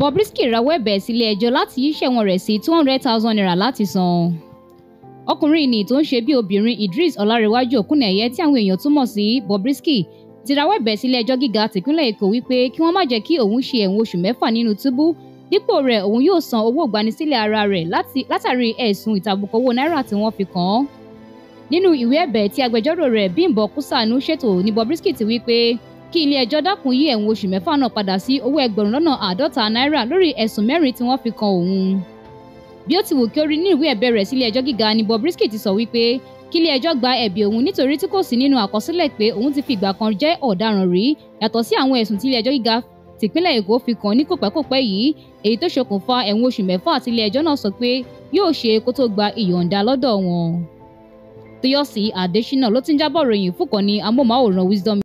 Bobrisky rawọ́ ẹ̀bẹ̀ sílé ẹjọ́ láti yí ṣẹ̀wọ̀n rẹ̀ sí two hundred thousand naira láti san. ọkùnrin ni tó ń ṣe bí obìnrin Idris Ọlárẹ̀wájú Òkúnnẹ̀yẹ tí àwọn èèyàn túmọ̀ sí Bobrisky ti rawọ́ ẹ̀bẹ̀ sílé ẹjọ́ gíga tìpínlẹ̀ Èkó wípé kí wọ́n má jẹ́ kí òun ṣe ẹ̀wọ̀n oṣù mẹ́fà nínú túbú dípò rẹ̀ òun yóò san owó ìgbanisílẹ̀ ara rẹ̀ látàrí ẹ̀sùn ìtàbùkù owó náírà tí wọ́n fi kàn án nínú ìwé ẹ̀bẹ̀ tí agbẹjọ́rò rẹ̀ Bímbọ́ Kúsànù ṣètò ní Bobrisky ti wí pé kí ilé ẹjọ́ dákun yí ẹ̀wọ̀n oṣù mẹ́fà náà padà sí owó ẹgbẹ̀rún lọ́nà àádọ́ta náírà lórí ẹ̀sùn mẹ́rin tí wọ́n fi kan òun. bí ó ti wù kí ó rí ní ìwé ẹ̀bẹ̀ rẹ̀ sí ilé ẹjọ́ gíga ni Bobrisky ti sọ wípé kí ilé ẹjọ́ gba ẹ̀bì òun nítorí tí kò sí nínú àkọsílẹ̀ pé òun ti fìgbà kan jẹ́ ọ̀daràn rí yàtọ̀ sí àwọn ẹ̀sùn tí ilé ẹjọ́ gíga tìpínlẹ̀ Èkó fi kàn ní kòpẹ́kòpẹ́ yìí èyí tó ṣokùnfà ẹ̀wọ̀n oṣù mẹ́fà àti ilé ẹjọ́ náà sọ pé yóò ṣe kó tó gba ìyọ̀ǹda lọ́dọ̀ wọn. Tóyọ̀sí Adésínà ló ti ń jábọ̀ ròyìn fúnkàn ní amóhùnmáwòrán Wisdom